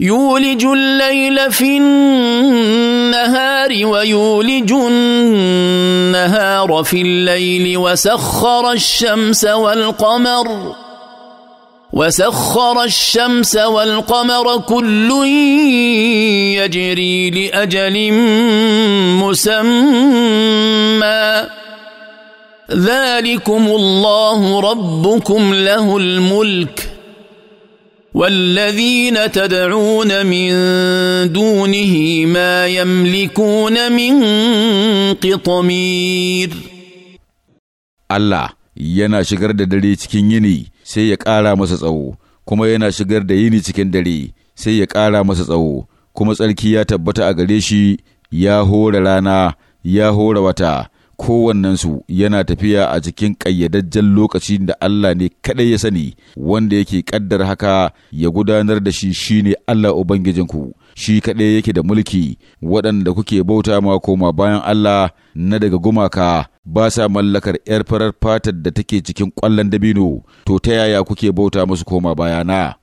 يولج الليل في النهار ويولج النهار في الليل وسخر الشمس والقمر وسخر الشمس والقمر كل يجري لأجل مسمى ذلكم الله ربكم له الملك والذين تدعون من دونه ما يملكون من قطمير الله yana shigar da dare cikin yini sai ya ƙara masa tsawo kuma yana shigar da yini cikin dare sai ya ƙara masa tsawo kuma tsarki ya tabbata a gare shi ya hora rana ya hora wata kowannensu yana tafiya a cikin ƙayyadajjen lokacin da Allah ne kaɗai ya sani wanda yake ƙaddar haka ya gudanar da shi shine Allah Ubangijinku shi kaɗai yake da mulki waɗanda kuke bauta ma koma bayan Allah na daga gumaka ba sa mallakar 'yar farar fatar da take cikin ƙwallon dabino to ta yaya kuke bauta musu koma bayana